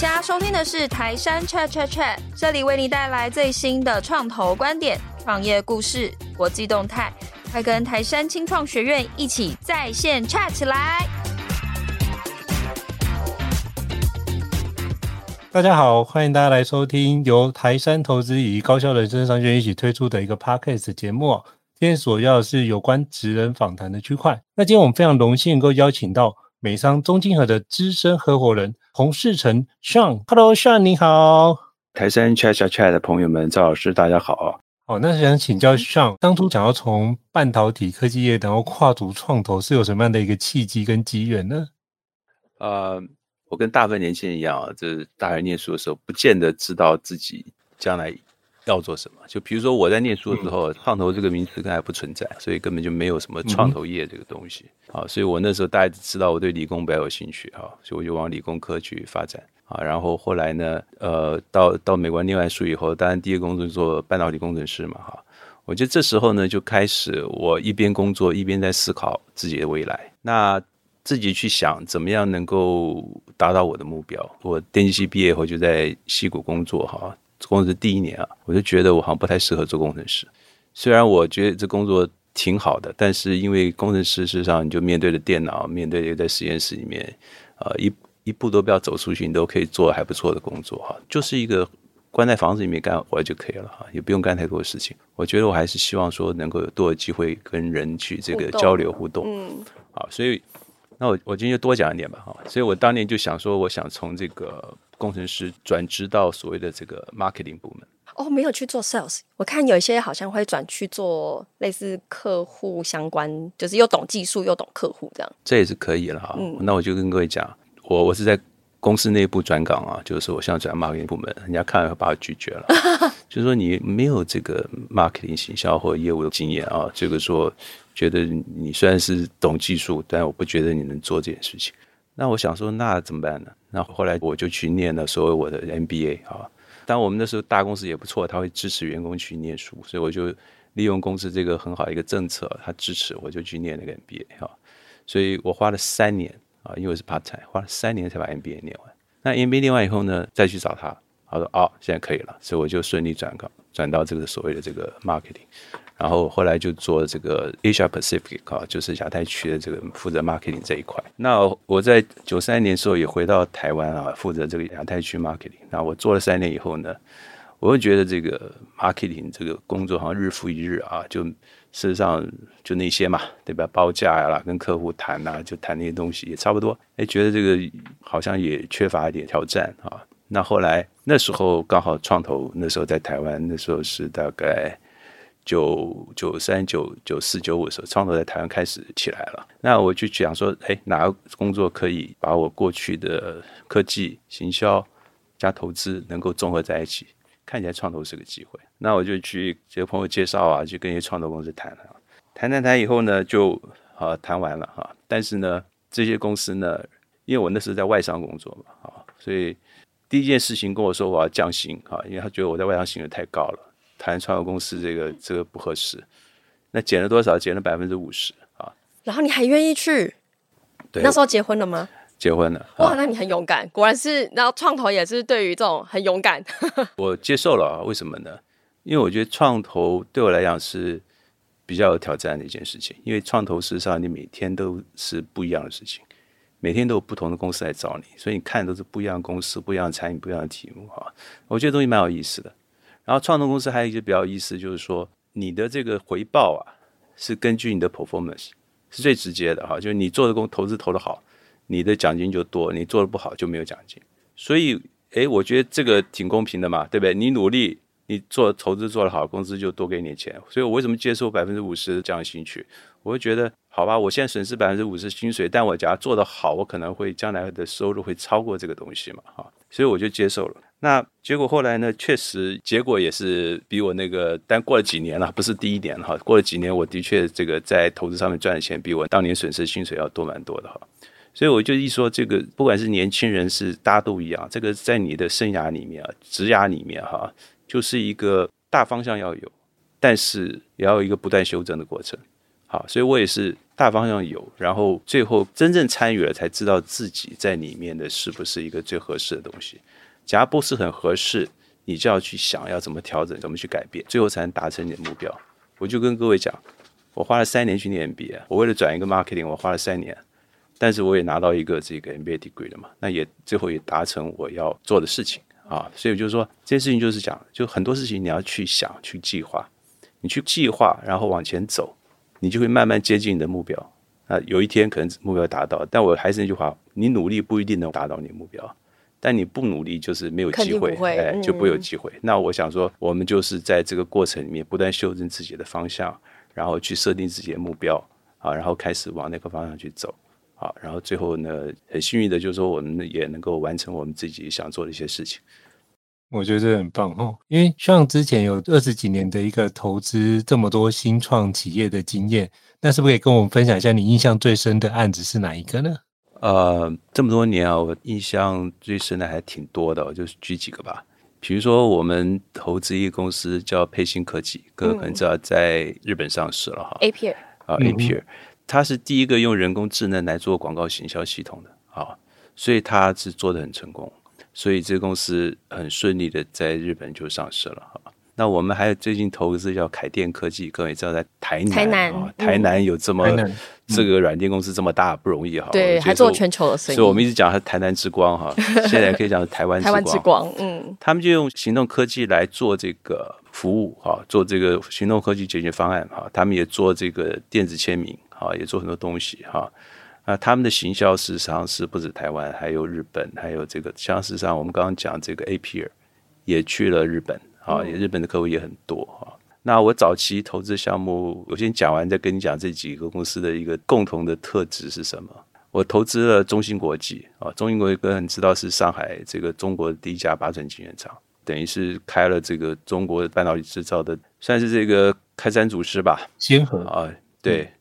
大家收聽的是台杉 Chat Chat Chat，這裡為你帶來最新的創投觀點、創業故事、國際動態，快跟台杉青創學院一起在線 chat 起來！大家好，歡迎大家來收聽由台杉投資與高效人生商學院一起推出的一個 Podcast 節目。今天所要的是有關職人訪談的區塊。那今天我們非常榮幸能夠邀請到。美商中經合的資深合夥人彭適辰 Sean，Hello Sean，你好，台杉 Chat Chat Chat 的朋友們，趙老師大家好哦，好，那想請教 Sean，嗯、當初想要從半導體科技業，然後跨足創投，是有什麼樣的一個契機跟機緣呢？呃，我跟大部分年輕人一樣啊，就是大學念書的時候，不見得知道自己將來。要做什麼？就比如說我在念書的時候，“創投”這個名詞還不存在，所以根本就沒有什麼創投業這個東西啊。所以我那時候大家知道我對理工比較有興趣啊，所以我就往理工科去發展啊。然後後來呢，呃，到到美國念完書以後，當然第一個工作就做半導體工程師嘛哈。我覺得這時候呢，就開始我一邊工作一邊在思考自己的未來，那自己去想怎麼樣能夠達到我的目標。我電機系畢業後就在矽谷工作哈。做工作第一年啊，我就覺得我好像不太適合做工程師。雖然我覺得這工作挺好的，但是因為工程師事實上你就面對着電腦，面對着在實驗室裡面，啊、呃、一一步都不要走出去，你都可以做還不錯的工作哈。就是一個關在房子裡面幹活就可以了哈，也不用幹太多事情。我覺得我還是希望說能夠有多的機會跟人去這個交流互動，互動嗯，好、啊，所以。那我我今天就多講一點吧哈，所以我當年就想說，我想從這個工程師轉職到所謂的這個 marketing 部門。哦，沒有去做 sales，我看有一些好像會轉去做類似客戶相關，就是又懂技術又懂客戶這樣，這也是可以了哈、哦。嗯，那我就跟各位講，我我是在。公司內部轉崗啊，就是我現在轉 marketing 部門，人家看了把我拒絕了， 就是說你沒有這個 marketing 行銷或業務的經驗啊，這、就、個、是、說覺得你雖然是懂技術，但我不覺得你能做這件事情。那我想說，那怎麼辦呢？那後來我就去念了，所謂我的 MBA 啊。但我們那時候大公司也不錯，他會支持員工去念書，所以我就利用公司這個很好的一個政策，他支持我就去念那個 MBA 哈、啊。所以我花了三年。啊，因為是 part time，花了三年才把 MBA 念完。那 MBA 念完以後呢，再去找他，他說，哦，現在可以了，所以我就順利轉個轉到這個所謂的這個 marketing。然後後來就做這個 Asia Pacific 啊，就是亞太區的這個負責 marketing 這一塊。那我在九三年的時候也回到台灣啊，負責這個亞太區 marketing。那我做了三年以後呢。我就覺得這個 marketing 這個工作好像日復一日啊，就事實上就那些嘛，對吧？報價呀、啦，跟客戶談吶、啊，就談那些東西也差不多。哎，覺得這個好像也缺乏一點挑戰啊。那後來那時候剛好創投那時候在台灣，那時候是大概九九三九九四九五的時候，創投在台灣開始起來了。那我就想說，哎，哪個工作可以把我過去的科技、行銷加投資能夠綜合在一起？看起來創投是個機會，那我就去個朋友介紹啊，去跟一些創投公司談啊，談談談以後呢，就啊談完了哈、啊。但是呢，這些公司呢，因為我那時候在外商工作嘛啊，所以第一件事情跟我說，我要降薪啊，因為他覺得我在外商薪水太高了，談創投公司這個這個不合適。那減了多少？減了百分之五十啊。然後你還願意去？對那時候結婚了嗎？結婚了哇！那你很勇敢，果然是。然後，創投也是對於這種很勇敢， 我接受了。為什麼呢？因為我覺得創投對我來講是比較有挑戰的一件事情。因為創投事實上你每天都是不一樣的事情，每天都有不同的公司來找你，所以你看都是不一樣的公司、不一樣產品、不一樣的題目哈。我覺得東西蠻有意思的。然後，創投公司還有一些比較有意思，就是說你的這個回報啊，是根據你的 performance 是最直接的哈，就是你做的工投資投的好。你的獎金就多，你做得不好就沒有獎金，所以，哎，我覺得這個挺公平的嘛，對不對？你努力，你做投資做得好，工資就多給你點錢。所以，我為什麼接受百分之五十這樣薪水？我會覺得，好吧，我現在損失百分之五十薪水，但我假如做得好，我可能會將來的收入會超過這個東西嘛，哈。所以我就接受了。那結果後來呢？確實，結果也是比我那個，但過了幾年了，不是第一年哈，過了幾年，我的確這個在投資上面賺的錢比我當年損失薪水要多蠻多的哈。所以我就一說這個，不管是年輕人是大家都一樣，這個在你的生涯裡面啊，職涯裡面哈、啊，就是一個大方向要有，但是也要有一個不斷修正的過程。好，所以我也是大方向有，然後最後真正參與了才知道自己在裡面的是不是一個最合適的東西。假如不是很合適，你就要去想要怎麼調整，怎麼去改變，最後才能達成你的目標。我就跟各位講，我花了三年去念 MBA，我為了轉一個 marketing，我花了三年。但是我也拿到一個這個 MBA degree 了嘛，那也最後也達成我要做的事情啊，所以就是說這件事情就是講，就很多事情你要去想、去計劃，你去計劃然後往前走，你就會慢慢接近你的目標。那有一天可能目標達到，但我還是那句話，你努力不一定能達到你的目標，但你不努力就是沒有機會，會哎，就不有機會。嗯、那我想說，我們就是在這個過程裡面不斷修正自己的方向，然後去設定自己的目標啊，然後開始往那個方向去走。好，然後最後呢，很幸運的就是說，我們也能夠完成我們自己想做的一些事情。我覺得這很棒哦，因為像之前有二十幾年的一個投資這麼多新創企業的經驗，那是不是可以跟我們分享一下你印象最深的案子是哪一個呢？呃，這麼多年啊，我印象最深的還挺多的，我就舉幾個吧。比如說，我們投資一個公司叫配新科技，哥可能知道在日本上市了哈，A P R 啊，A P R。他是第一個用人工智能來做廣告行銷系統的啊，所以他是做的很成功，所以這個公司很順利的在日本就上市了。那我們還有最近投資叫凱鈿科技，各位知道在台南，台南，哦，台南有這麼台南這個軟件公司這麼大不容易哈。對，還做全球的生意，所以，所以我們一直講它台南之光哈。 現在可以講台灣之光，台灣之光，嗯，他們就用行動科技來做這個服務哈，做這個行動科技解決方案哈，他們也做這個電子簽名。啊，也做很多東西哈，啊，他們的行銷事實上是不止台灣，還有日本，還有這個，像事實上我們剛剛講這個 A P R，也去了日本啊，嗯、也日本的客戶也很多哈。那我早期投資項目，我先講完再跟你講這幾個公司的一個共同的特質是什麼。我投資了中芯國際啊，中芯國際個人知道是上海這個中國第一家八吋晶圓廠，等於是開了這個中國半導體製造的，算是這個開山祖師吧，先河和啊，對。嗯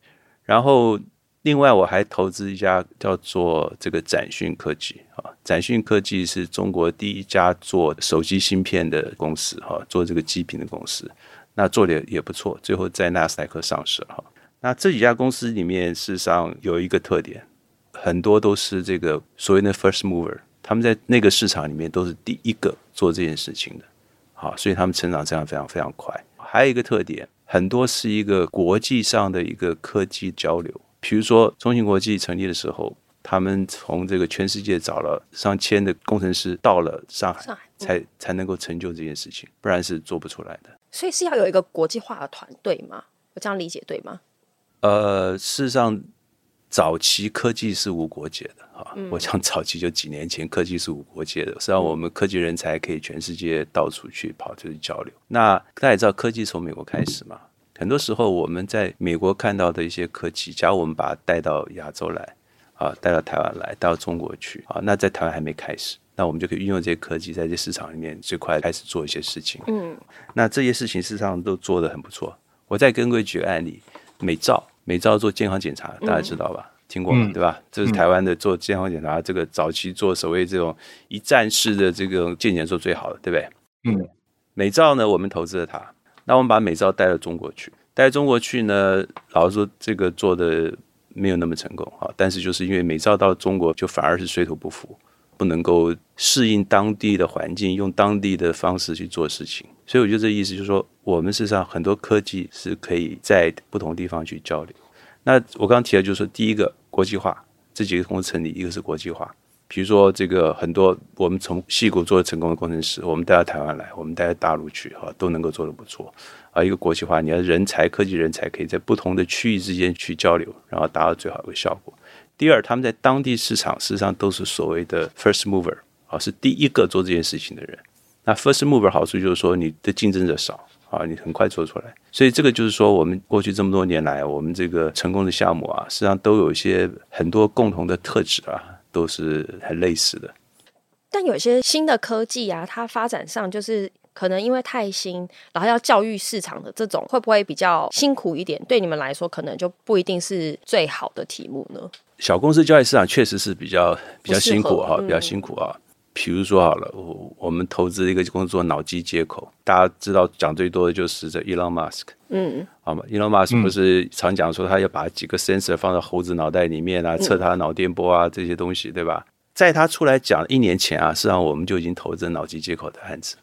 然後，另外我還投資一家叫做這個展訊科技啊，展訊科技是中國第一家做手機芯片的公司哈，做這個基頻的公司，那做的也不錯，最後在納斯達克上市了哈。那這幾家公司裡面，事實上有一個特點，很多都是這個所謂的 first mover，他們在那個市場裡面都是第一個做這件事情的，好，所以他們成長這樣非常非常快。還有一個特點。很多是一個國際上的一個科技交流，比如說中芯國際成立的時候，他們從這個全世界找了上千的工程師到了上海才，才、嗯、才能夠成就這件事情，不然是做不出來的。所以是要有一個國際化的團隊嗎？我這樣理解對嗎？呃，事實上。早期科技是無國界的哈，嗯、我想早期就幾年前科技是無國界的，實際上我們科技人才可以全世界到處去跑，去、就是、交流。那大家也知道科技從美國開始嘛，嗯、很多時候我們在美國看到的一些科技，假如我們把它帶到亞洲來，啊，帶到台灣來，帶到中國去，啊，那在台灣還沒開始，那我們就可以運用這些科技在這市場裡面最快開始做一些事情。嗯，那這些事情事實上都做得很不錯。我再跟各位舉個案例，美照。美兆做健康檢查，大家知道吧？嗯、聽過了，對吧？嗯嗯、這是台灣的做健康檢查，這個早期做所謂這種一站式的這個健檢做最好的，對不對？嗯，美兆呢，我們投資了它。那我們把美兆帶到中國去，帶中國去呢，老實說，這個做的沒有那麼成功啊。但是就是因為美兆到中國就反而是水土不服，不能夠適應當地的環境，用當地的方式去做事情。所以我覺得這意思就是說，我們事實上很多科技是可以在不同地方去交流。那我剛剛提到就是說，第一個國際化，這幾個公司成立，一個是國際化，比如說這個很多我們從矽谷做的成功的工程師，我們帶到台灣來，我們帶到大陸去，哈，都能夠做得不錯。啊，一個國際化，你要人才、科技人才可以在不同的區域之間去交流，然後達到最好的效果。第二，他們在當地市場事實上都是所謂的 first mover，啊，是第一個做這件事情的人。那 first mover 好處就是說你的競爭者少啊，你很快做出來，所以這個就是說我們過去這麼多年來，我們這個成功的項目啊，實際上都有一些很多共同的特質啊，都是很類似的。但有些新的科技啊，它發展上就是可能因為太新，然後要教育市場的這種，會不會比較辛苦一點？對你們來說，可能就不一定是最好的題目呢？小公司教育市場確實是比較比較辛苦哈，比較辛苦啊，哦。比如說好了，我我們投資一個工作腦機接口，大家知道講最多的就是這、e、Elon Musk，嗯，好嗎？Elon Musk 不是常講說他要把幾個 sensor 放在猴子腦袋裡面啊，測他腦電波啊這些東西，對吧？在他出來講一年前啊，事實際上我們就已經投資腦機接口的案子。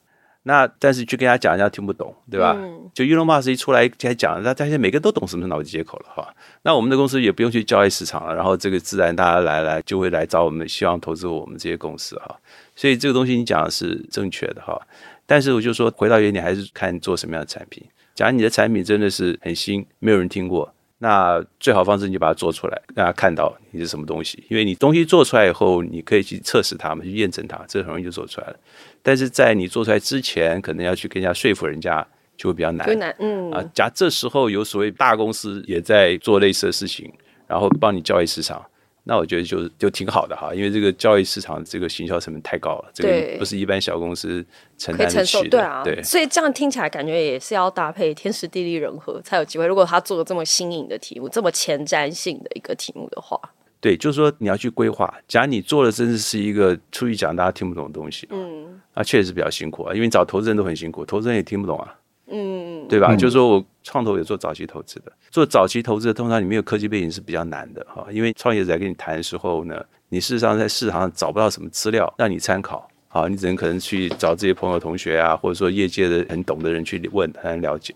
那但是去跟他講人家聽不懂，對吧？嗯、就 Elon Musk 一出來他講，那大家每個人都懂什麼是腦機接口了哈。那我們的公司也不用去交易市場了，然後這個自然大家來來就會來找我們，希望投資我們這些公司哈。所以這個東西你講的是正確的哈。但是我就說，回到原點還是看做什麼樣的產品。假如你的產品真的是很新，沒有人聽過。那最好方式，你就把它做出來，讓他看到你是什麼東西。因為你東西做出來以後，你可以去測試它，嘛，去驗證它，這很容易就做出來了。但是在你做出來之前，可能要去更加說服人家，就會比較難。難，嗯，啊，假這時候有所謂大公司也在做類似的事情，然後幫你教育市場。那我覺得就就挺好的哈，因為這個交易市場這個行銷成本太高了，對這個不是一般小公司承擔得起的。對啊，對，所以這樣聽起來感覺也是要搭配天時地利人和才有機會。如果他做的這麼新穎的題目，這麼前瞻性的一個題目的話，對，就是說你要去規劃。假如你做的真的是一個出去講大家聽不懂的東西，嗯，那確實比較辛苦啊，因為你找投資人都很辛苦，投資人也聽不懂啊。嗯，對吧？嗯、就是說我創投也做早期投資的，做早期投資的通常你沒有科技背景是比較難的哈，因為創業者在跟你談的時候呢，你事實上在市場上找不到什麼資料讓你參考啊，你只能可能去找自己朋友、同學啊，或者說業界的很懂的人去問才能了解。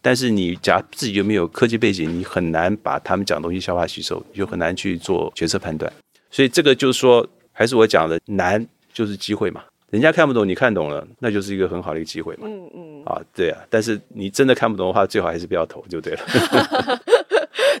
但是你假如自己又沒有科技背景，你很難把他們講東西消化吸收，你就很難去做決策判斷。所以這個就是說，還是我講的，難就是機會嘛。人家看不懂，你看懂了，那就是一個很好的一個機會嘛。嗯嗯。嗯啊，對啊，但是你真的看不懂的話，最好還是不要投，就對了。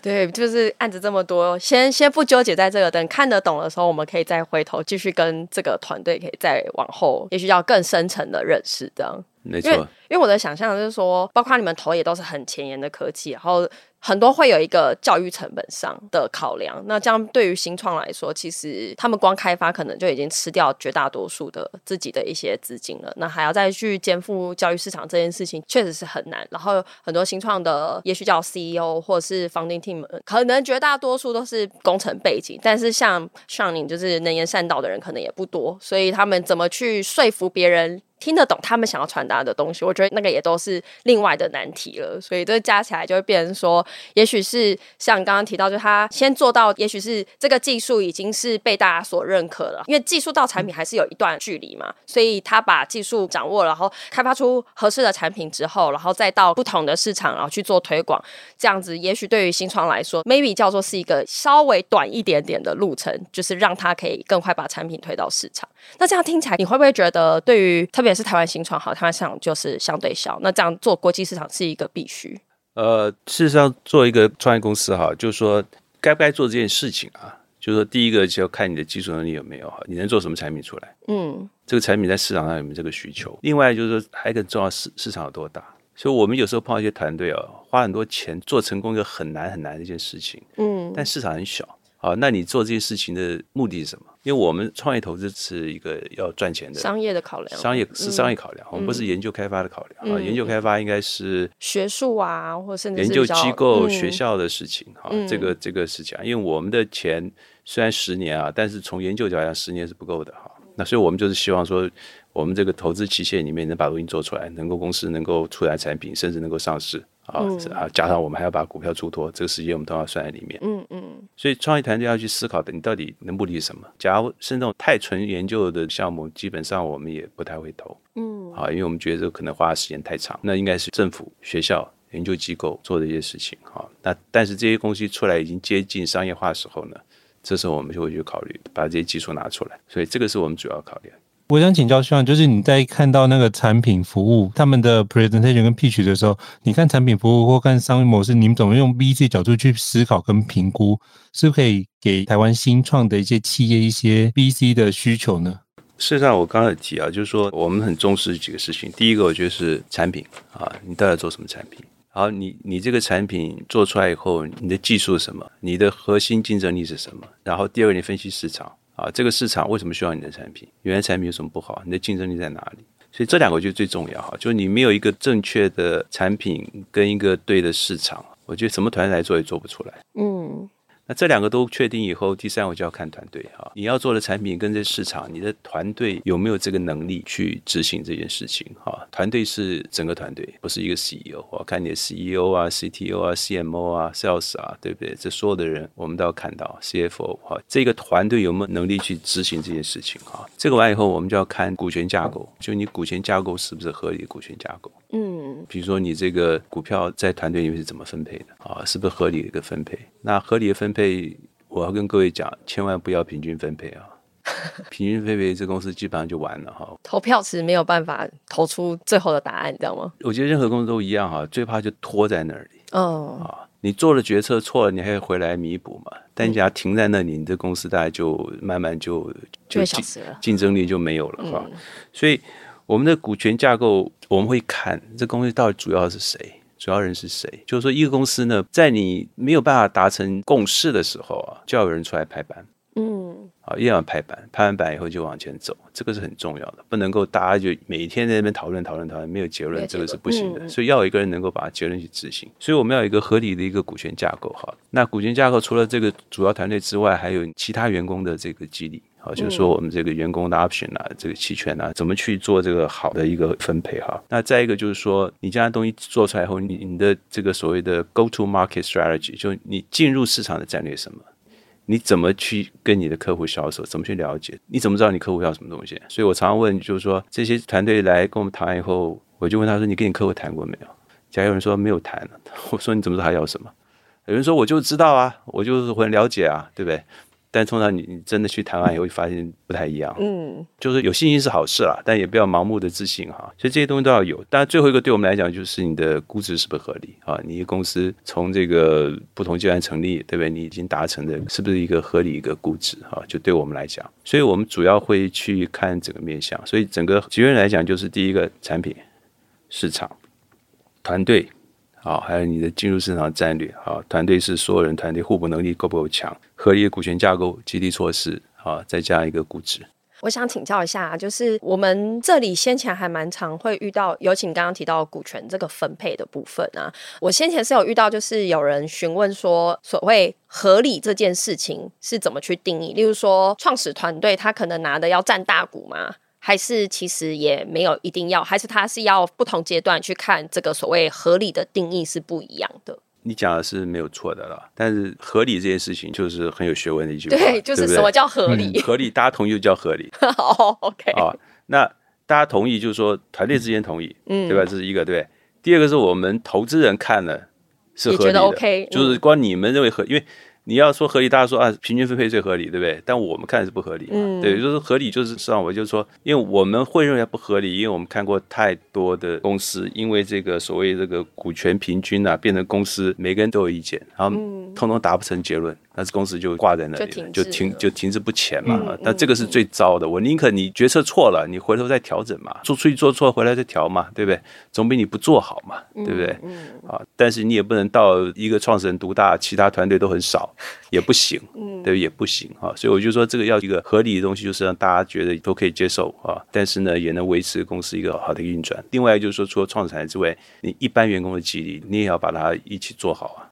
對，就是案子這麼多，先先不糾結在這個，等看得懂的時候，我們可以再回頭繼續跟這個團隊，可以再往後，也許要更深層的認識，這樣。沒錯錯。因為我的想象就是說，包括你們投也都是很前沿的科技，然後。很多會有一個教育成本上的考量，那這樣對於新創來說，其實他們光開發可能就已經吃掉絕大多數的自己的一些資金了，那還要再去肩負教育市場這件事情，確實是很難。然後很多新創的，也許叫 CEO 或者是 founding team，可能絕大多數都是工程背景，但是像像您就是能言善道的人可能也不多，所以他們怎麼去說服別人？聽得懂他們想要傳達的東西，我覺得那個也都是另外的難題了。所以這加起來就會變成說，也許是像剛剛提到，就他先做到，也許是這個技術已經是被大家所認可了。因為技術到產品還是有一段距離嘛，所以他把技術掌握然後開發出合適的產品之後，然後再到不同的市場，然後去做推廣。這樣子，也許對於新創來說，maybe 叫做是一個稍微短一點點的路程，就是讓他可以更快把產品推到市場。那這樣聽起來，你會不會覺得對於特別？也是台灣新創哈，台灣市場就是相對小，那這樣做國際市場是一個必須。呃，事實上，做一個創業公司哈，就是說該不該做這件事情啊？就是說，第一個就要看你的技術能力有沒有哈，你能做什麼產品出來？嗯，這個產品在市場上有沒有這個需求？另外就是說，還有一個重要市市場有多大？所以我們有時候碰到一些團隊啊，花很多錢做成功，一個很難很難的一件事情。嗯，但市場很小。好，那你做這些事情的目的是什麼？因為我們創業投資是一個要賺錢的商，商業的考量，商業是商業考量，嗯、我們不是研究開發的考量、嗯、啊。研究開發應該是學術啊，或者甚至是研究機構、嗯、學校的事情啊。這個這個事情，啊，因為我們的錢雖然十年啊，但是從研究角度來講，十年是不夠的哈、啊。那所以我們就是希望說，我們這個投資期限裡面能把錄音做出來，能夠公司能夠出來產品，甚至能夠上市。哦、啊，加上我們還要把股票出脫，這個時間我們都要算在裡面。嗯嗯，所以創業團隊要去思考的，你到底的目的什麼？假如是那種太純研究的項目，基本上我們也不太會投。嗯，啊，因為我們覺得這可能花的時間太長。那應該是政府、學校、研究機構做的一些事情。哈、哦，那但是這些東西出來已經接近商業化的時候呢，這時候我們就會去考慮把這些技術拿出來。所以這個是我們主要考慮的。我想請教 Sean，就是你在看到那個產品服務他們的 presentation 跟 pitch 的時候，你看產品服務或看商業模式，你們怎麼用 VC 角度去思考跟評估，是不是可以給台灣新創的一些企業一些 VC 的需求呢？事實上，我剛才有提啊，就是說我們很重視幾個事情。第一個，我覺得是產品啊，你到底做什麼產品？好，你你這個產品做出來以後，你的技術是什麼？你的核心競爭力是什麼？然後第二個，你分析市場。啊，這個市場為什麼需要你的產品？原來產品有什麼不好？你的競爭力在哪裡？所以這兩個就最重要哈，就是你沒有一個正確的產品跟一個對的市場，我覺得什麼團隊來做也做不出來。嗯。那這兩個都確定以後，第三我就要看團隊哈，你要做的產品跟這市場，你的團隊有沒有這個能力去執行這件事情哈？團隊是整個團隊，不是一個 CEO，我看你的 CEO 啊、CTO 啊、CMO 啊、Sales 啊，對不對？這所有的人我們都要看到 CFO 哈，這個團隊有沒有能力去執行這件事情哈？這個完以後，我們就要看股權架構，就你股權架構是不是合理？股權架構。嗯，比如說你這個股票在團隊裡面是怎麼分配的啊？是不是合理的一個分配？那合理的分配，我要跟各位講，千萬不要平均分配啊！ 平均分配，這公司基本上就完了哈。啊、投票其實沒有辦法投出最後的答案，你知道嗎？我覺得任何公司都一樣哈、啊，最怕就拖在那裡。哦、啊，你做了決策錯了，你還要回來彌補嘛？但你只要停在那裡，嗯、你這公司大概就慢慢就就消失了，競爭力就沒有了哈、嗯。所以。我們的股權架構，我們會看這公司到底主要是誰，主要人是誰。就是說，一個公司呢，在你沒有辦法達成共識的時候啊，就要有人出來拍板。嗯，啊，一定要拍板，拍完板以後就往前走，這個是很重要的，不能夠大家就每天在那邊討論討論討論，沒有結論，這個是不行的。所以要有一個人能夠把結論去執行。所以我們要有一個合理的一個股權架構，哈。那股權架構除了這個主要團隊之外，還有其他員工的這個激勵。就是說，我們這個員工的 option 啊，這個期權啊，怎麼去做這個好的一個分配哈、啊？那再一個就是說，你將來東西做出來以後，你你的這個所謂的 go to market strategy，就你進入市場的戰略什麼？你怎麼去跟你的客戶銷售？怎麼去了解？你怎麼知道你客戶要什麼東西？所以我常常問，就是說這些團隊來跟我們談完以後，我就問他說：“你跟你客戶談過沒有？”假如有人說沒有談、啊，我說你怎麼知道他要什麼？有人說我就知道啊，我就是很了解啊，對不對？但通常你你真的去談完以後，發現不太一樣。嗯，就是有信心是好事啦，但也不要盲目的自信哈。所以這些東西都要有。當然，最後一個對我們來講，就是你的估值是不是合理啊？你公司從這個不同階段成立，對不對？你已經達成的，是不是一個合理一個估值啊？就對我們來講，所以我們主要會去看整個面向。所以整個局面來講，就是第一個產品、市場、團隊。好，還有你的進入市場的戰略，好，團隊是所有人團隊互補能力夠不夠強，合理的股權架構、激勵措施，好，再加一個估值。我想請教一下，就是我們這裡先前還蠻常會遇到，尤其你剛剛提到股權這個分配的部分啊，我先前是有遇到，就是有人詢問說，所謂合理這件事情是怎麼去定義？例如說，創始團隊他可能拿的要佔大股嗎？還是其實也沒有一定要，還是他是要不同階段去看這個所謂合理的定義是不一樣的。你講的是沒有錯的了，但是合理這件事情就是很有學問的一句話。對，就是什麼叫合理？嗯、合理大家同意就叫合理。好、 哦，OK。哦。那大家同意就是說團隊之間同意，嗯，對吧？這是一個對。第二個是我們投資人看了，是合理的，okay 嗯、就是光你們認為合理，因為。你要說合理，大家說啊，平均分配最合理，對不對？但我們看是不合理，嗯、對，就是合理就是實際上我就是說，因為我們會認為不合理，因為我們看過太多的公司，因為這個所謂這個股權平均啊，變成公司每個人都有意見，然後通通達不成結論。嗯那公司就掛在那裡了，就停滯了，就，就停就停滯不前嘛。那、嗯、這個是最糟的。我寧可你決策錯了，你回頭再調整嘛，做出去做錯回來再調嘛，對不對？總比你不做好嘛，嗯、對不對？嗯嗯、啊，但是你也不能到一個創始人獨大，其他團隊都很少，也不行，嗯、對不對？也不行啊。所以我就說，這個要一個合理的東西，就是讓大家覺得都可以接受啊。但是呢，也能維持公司一個好的運轉。另外就是說，除了創始人之外，你一般員工的激勵，你也要把它一起做好啊。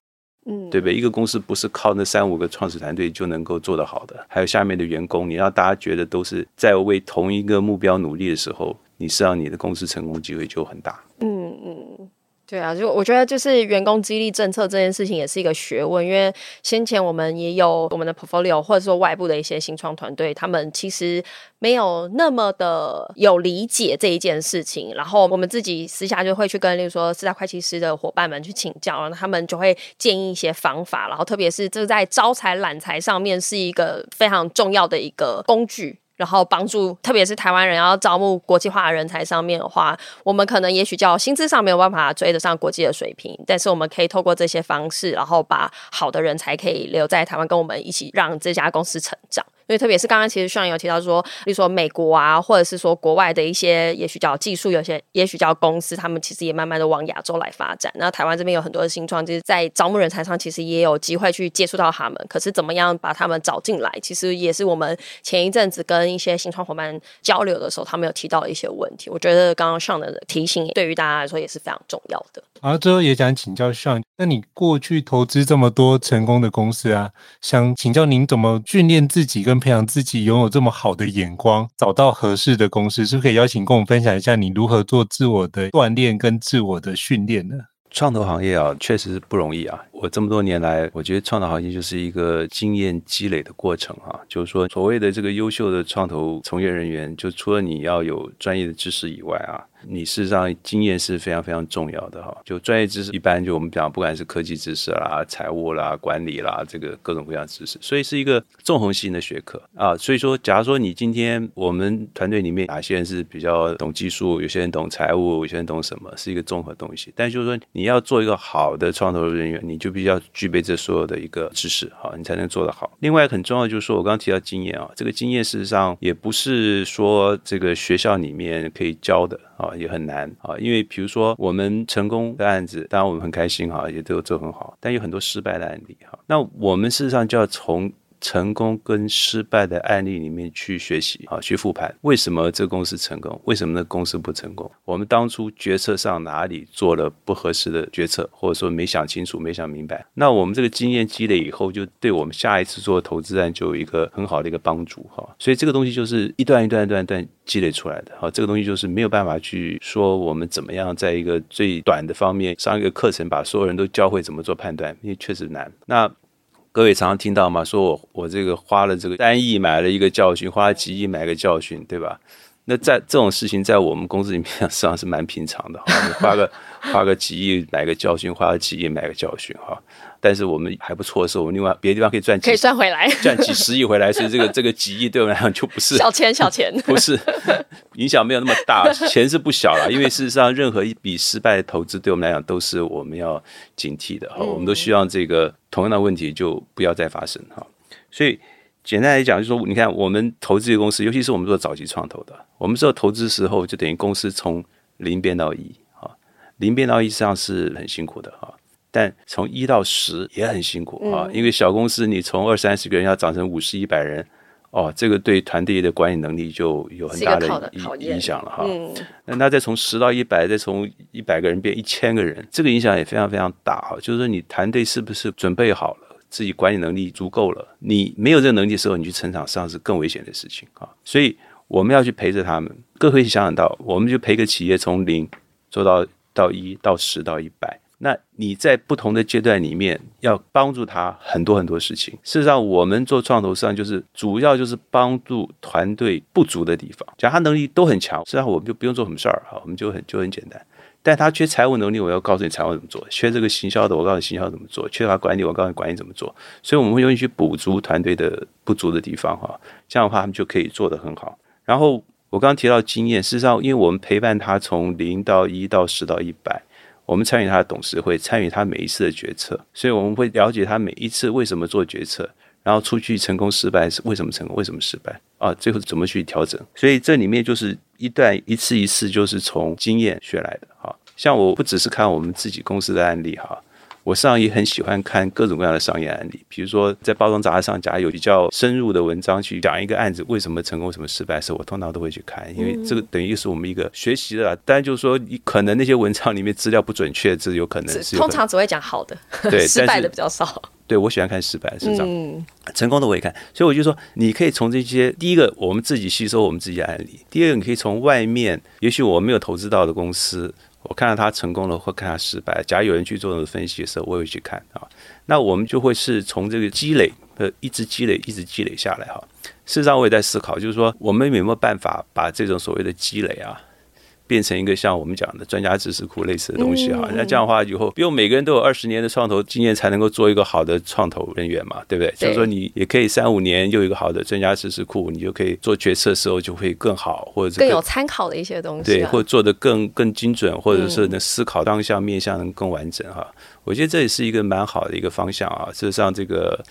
嗯，對不對？一個公司不是靠那三五個創始團隊就能夠做得好的，還有下面的員工，你讓大家覺得都是在為同一個目標努力的時候，你是讓你的公司成功機會就很大。嗯嗯。嗯對啊，就我覺得就是員工激勵政策這件事情也是一個學問，因為先前我們也有我們的 portfolio 或者說外部的一些新創團隊，他們其實沒有那麼的有理解這一件事情，然後我們自己私下就會去跟，例如說四大會計師的夥伴們去請教，然後他們就會建議一些方法，然後特別是這在招才攬才上面是一個非常重要的一個工具。然後幫助，特別是台灣人要招募國際化的人才上面的話，我們可能也許叫薪資上沒有辦法追得上國際的水平，但是我們可以透過這些方式，然後把好的人才可以留在台灣，跟我們一起讓這家公司成長。因為特別是剛剛其實 Sean 有提到說，比如說美國啊，或者是說國外的一些，也許叫技術，有些也許叫公司，他們其實也慢慢的往亞洲來發展。那台灣這邊有很多的新創，就是在招募人才上，其實也有機會去接觸到他們。可是怎麼樣把他們找進來，其實也是我們前一陣子跟一些新創伙伴交流的時候，他們有提到一些問題。我覺得剛剛 Sean 的提醒對於大家來說也是非常重要的。啊，最後也想請教 Sean，那你過去投資這麼多成功的公司啊，想請教您怎麼訓練自己跟培養自己擁有這麼好的眼光，找到合適的公司，是不是可以邀請跟我們分享一下你如何做自我的鍛鍊跟自我的訓練呢？創投行業啊，確實是不容易啊。我這麼多年來，我覺得創投行業就是一個經驗積累的過程啊。就是說，所謂的這個優秀的創投從業人員，就除了你要有專業的知識以外啊。你事實上經驗是非常非常重要的哈，就專業知識一般就我們講，不管是科技知識啦、財務啦、管理啦，這個各種各樣的知識，所以是一個縱橫性的學科啊。所以說，假如說你今天我們團隊裡面哪些人是比較懂技術，有些人懂財務，有些人懂什麼，是一個綜合東西。但就是說，你要做一個好的創投人員，你就必須要具備這所有的一個知識哈，啊，你才能做得好。另外很重要就是說我剛剛提到經驗啊，這個經驗事實上也不是說這個學校裡面可以教的。啊，也很難啊，因為比如說我們成功的案子，當然我們很開心哈，也都做很好，但有很多失敗的案例哈，那我們事實上就要從。成功跟失敗的案例裡面去學習啊，去復盤，為什麼這公司成功，為什麼那公司不成功？我們當初決策上哪裡做了不合適的決策，或者說沒想清楚、沒想明白。那我們這個經驗積累以後，就對我們下一次做投資案就有一個很好的一個幫助哈。所以這個東西就是一段一段一段一段積累出來的哈。這個東西就是沒有辦法去說我們怎麼樣在一個最短的方面上一個課程，把所有人都教會怎麼做判斷，因為確實難。那。各位常常聽到嗎？說我我這個花了這個三億買了一個教訓，花了幾億買個教訓，對吧？那在這種事情在我們公司裡面實際上是蠻平常的，你花個 花個幾億買個教訓，花個幾億買個教訓，哈。但是我們還不錯的時候，我們另外別的地方可以賺，可以賺回來，賺 幾十億回來。所以這個這個幾億對我們來講就不是小錢，小錢，小 錢不是影響沒有那麼大，錢是不小啦。 因為事實上，任何一筆失敗的投資對我們來講都是我們要警惕的哈。嗯、我們都希望這個同樣的問題就不要再發生哈。所以簡單來講，就是說你看我們投資這個公司，尤其是我們做早期創投的，我們做投資時候就等於公司從零變到一哈，零變到一實際上是很辛苦的哈。但從一到十也很辛苦啊，因為小公司你從二三十個人要漲成五十、一百人，哦，這個對團隊的管理能力就有很大的影響了哈。那再從十到一百，再從一百個人變一千個人，這個影響也非常非常大哈，就是說，你團隊是不是準備好了，自己管理能力足夠了？你沒有這個能力的時候，你去成長實際上是更危險的事情啊。所以我們要去陪着他們，各位想想到我們就陪個企業從零做到到一、到十、到一百。那你在不同的階段裡面要幫助他很多很多事情。事實上，我們做創投上就是主要就是幫助團隊不足的地方。假如他能力都很強，實際上我們就不用做什麼事兒哈，我們就很就很簡單。但他缺財務能力，我要告訴你財務怎麼做；缺這個行銷的，我告訴你行銷怎麼做；缺乏管理，我告訴你管理怎麼做。所以我們會願意去補足團隊的不足的地方哈，這樣的話他們就可以做得很好。然後我剛剛提到經驗，事實上因為我們陪伴他從零到一到十到一百。我們參與他的董事會，參與他每一次的決策，所以我們會了解他每一次為什麼做決策，然後出去成功失敗是為什麼成功，為什麼失敗啊？最後怎麼去調整？所以這裡面就是一段一次一次就是從經驗學來的。哈，像我不只是看我們自己公司的案例，哈。我上也很喜歡看各種各樣的商業案例，比如說在包裝雜誌上，假如有比較深入的文章去講一個案子為什麼成功、什麼失敗時，是我通常都會去看，因為這個等於是我們一個學習的。但就是說，你可能那些文章裡面資料不準確，這有可能，有可能。通常只會講好的，對， 失敗的比較少。對，我喜歡看失敗是這樣，嗯、成功的我也看。所以我就說，你可以從這些：第一個，我們自己吸收我們自己的案例；第二個，你可以從外面，也許我沒有投資到的公司。我看到他成功了，或看他失敗，假如有人去做這種分析的時候，我也會去看啊。那我們就會是從這個積累，呃，一直積累，一直積累下來哈。事實上，我也在思考，就是說，我們有沒有辦法把這種所謂的積累啊變成一個像我們講的專家知識庫類似的東西哈，那這樣的話以後，不用每個人都有二十年的創投經驗才能夠做一個好的創投人員嘛，對不對？對 就是說你也可以三五年又有一個好的專家知識庫，你就可以做決策的時候就會更好，或者更，更有參考的一些東西，啊，對，或者做得更更精準，或者是能思考當下面向更完整哈，啊。嗯、我覺得這也是一個蠻好的一個方向啊，事實上這個。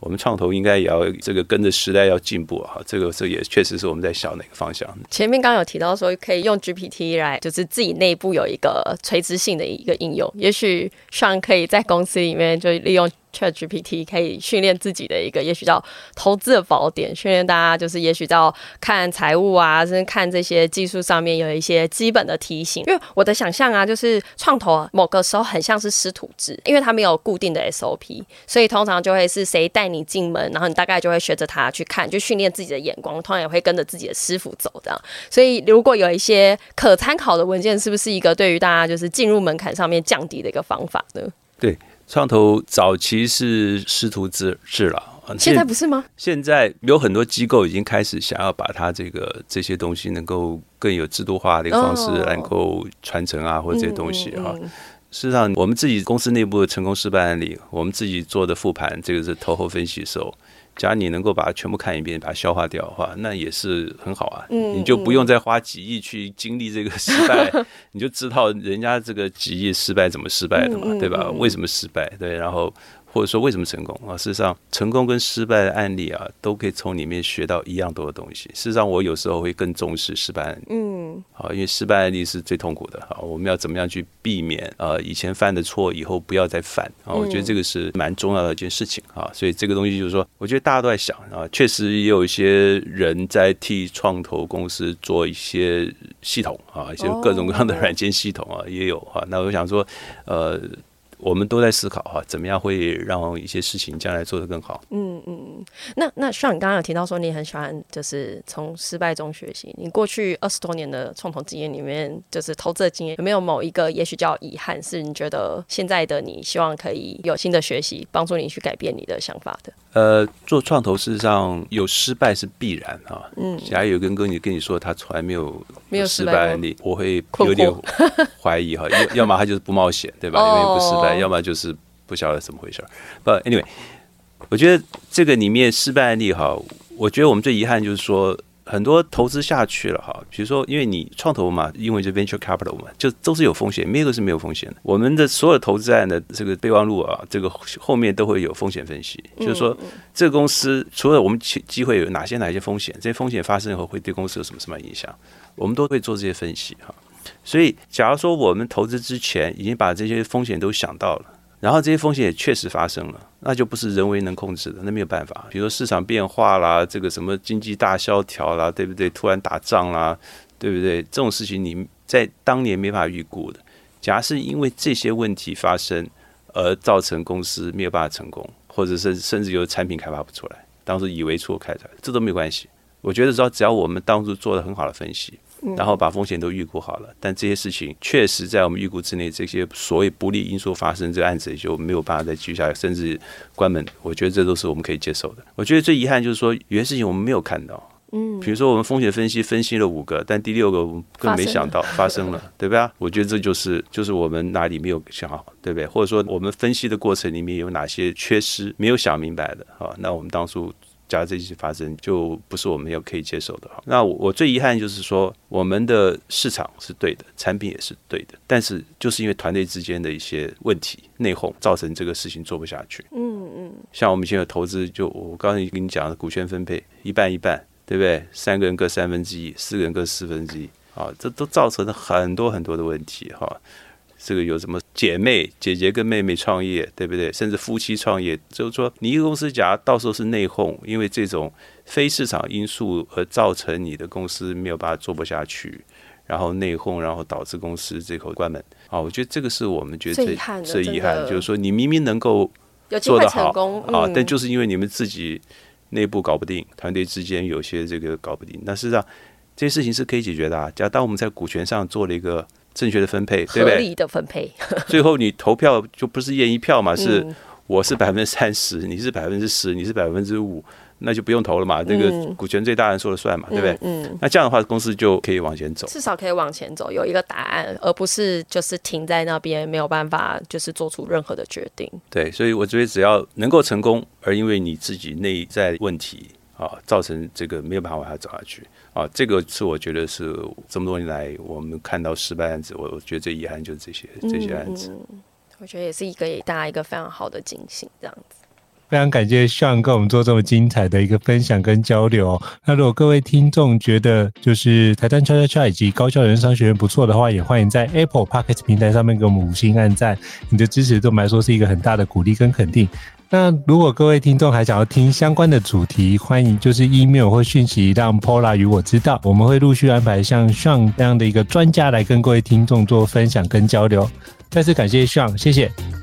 我們創投應該也要這個跟着時代要進步哈、啊，這個這也確實是我們在想哪個方向。前面剛有提到說可以用 GPT 來，就是自己內部有一個垂直性的一個應用，也許上可以在公司裡面就利用。ChatGPT 可以訓練自己的一個，也許叫投資的寶典。訓練大家就是也許叫看財務啊，甚至看這些技術上面有一些基本的提醒。因為我的想象啊，就是創投啊，某個時候很像是師徒制，因為它沒有固定的 SOP，所以通常就會是誰帶你進門，然後你大概就會學着他去看，就訓練自己的眼光，通常也會跟着自己的師傅走這樣。所以如果有一些可參考的文件，是不是一個對於大家就是進入門檻上面降低的一個方法呢？對。創投早期是師徒制制了，現在不是嗎？現在有很多機構已經開始想要把它這個這些東西能夠更有制度化的一個方式，哦、能夠傳承啊，或者這些東西哈、啊。嗯嗯事實上，我們自己公司內部的成功失敗案例，我們自己做的復盤，這個是投後分析的時候。假如你能夠把它全部看一遍，把它消化掉的話，那也是很好啊。你就不用再花幾億去經歷這個失敗，你就知道人家這個幾億失敗怎麼失敗的嘛，對吧？為什麼失敗？對，然後。或者說為什麼成功啊？事實上，成功跟失敗的案例啊，都可以從裡面學到一樣多的東西。事實上，我有時候會更重視失敗案例，嗯，好，因為失敗案例是最痛苦的。好，我們要怎麼樣去避免啊、呃，以前犯的錯，以後不要再犯啊？我覺得這個是蠻重要的一件事情啊。所以這個東西就是說，我覺得大家都在想啊，確實也有一些人在替創投公司做一些系統啊，一些各種各樣的軟件系統啊，哦、也有哈、啊。那我想說，呃。我們都在思考哈、啊，怎麼樣會讓一些事情將來做得更好？嗯嗯嗯。那那 Sean 剛剛有提到說，你很喜歡就是從失敗中學習，你過去二十多年的創投經驗裡面，就是投資的經驗，有沒有某一個也許叫遺憾，是你覺得現在的你希望可以有新的學習，幫助你去改變你的想法的？呃，做創投事實上有失敗是必然啊。嗯，小艾有個哥哥跟哥你跟你說他從來沒有。沒有失敗案例，案例我會有點懷疑哈，困困要麼他就是不冒險， 對吧？因為不失敗，要麼就是不曉得怎麼回事兒。But、oh.，Anyway，我覺得這個裡面失敗案例哈，我覺得我們最遺憾就是說，很多投資下去了哈，比如說，因為你創投嘛，因為就 venture capital 嘛，就都是有風險，沒有是沒有風險的。我們的所有投資案的這個備忘錄啊，這個後面都會有風險分析，就是說這個公司除了我們機會有哪些哪些風險，這些風險發生以後會對公司有什麼什麼影響，我們都會做這些分析哈。所以，假如說我們投資之前已經把這些風險都想到了。然後這些風險也確實發生了，那就不是人為能控制的，那沒有辦法。比如說市場變化啦，這個什麼經濟大蕭條啦，對不對？突然打仗啦，對不對？這種事情你在當年沒法預估的。假設因為這些問題發生而造成公司沒有辦法成功，或者是甚至有產品開發不出來，當初以為錯開的，這都沒關係。我覺得只要只要我們當初做了很好的分析。然後把風險都預估好了，但這些事情確實在我們預估之內，這些所謂不利因素發生，這個案子也就沒有辦法再繼續下去，甚至關門，我覺得這都是我們可以接受的。我覺得最遺憾就是說，有些事情我們沒有看到，嗯，比如說我們風險分析分析了五個，但第六個我們更沒想到發生了，發生了對不對？我覺得這就是就是我們哪裡沒有想好，對不對？或者說我們分析的過程裡面有哪些缺失沒有想明白的好，那我們當初。加這一起發生，就不是我們要可以接受的。那我我最遺憾就是說，我們的市場是對的，產品也是對的，但是就是因為團隊之間的一些問題、內訌，造成這個事情做不下去。嗯嗯。像我們現在投資就，就我剛才跟你講，股權分配一半一半，對不對？三個人各三分之一，四個人各四分之一，啊，這都造成了很多很多的問題，哈、啊。這個有什麼姐妹姐姐跟妹妹創業，對不對？甚至夫妻創業，就是說你一個公司，假如到時候是內訌，因為這種非市場因素而造成你的公司沒有辦法做不下去，然後內訌，然後導致公司這口關門啊！我覺得這個是我們覺得最，最遺憾，最遺憾的，就是說你明明能夠做得好，嗯，啊，但就是因為你們自己內部搞不定，團隊之間有些這個搞不定，但事實上這些事情是可以解決的啊！假如當我們在股權上做了一個。正確的分配，分配對不對？合理的分配。最後你投票就不是一人一票嘛？是我是百分之三十，你是百分之十，你是百分之五，那就不用投了嘛？那、嗯、個股權最大人說了算嘛？嗯、對不對？嗯。嗯，那這樣的話，公司就可以往前走。至少可以往前走，有一個答案，而不是就是停在那邊沒有辦法，就是做出任何的決定。對，所以我覺得只要能夠成功，而因為你自己內在問題。啊、哦，造成這個沒有辦法往下走下去啊、哦，這個是我覺得是這麼多年來我們看到失敗案子，我我覺得最遺憾就是這些、嗯、這些案子、嗯，我覺得也是一個給大家一個非常好的警醒，這樣子。非常感謝 Sean 跟我們做這麼精彩的一個分享跟交流。那如果各位聽眾覺得就是台杉 Chat Chat 以及高效人生商學院不錯的話，也歡迎在 Apple Podcast 平台上面給我們五星按讚，你的支持對我們來說是一個很大的鼓勵跟肯定。那如果各位聽眾還想要聽相關的主題，歡迎就是 email 或訊息讓 Pola 與我知道，我們會陸續安排像 Sean 這樣的一個專家來跟各位聽眾做分享跟交流。再次感謝 Sean，謝謝。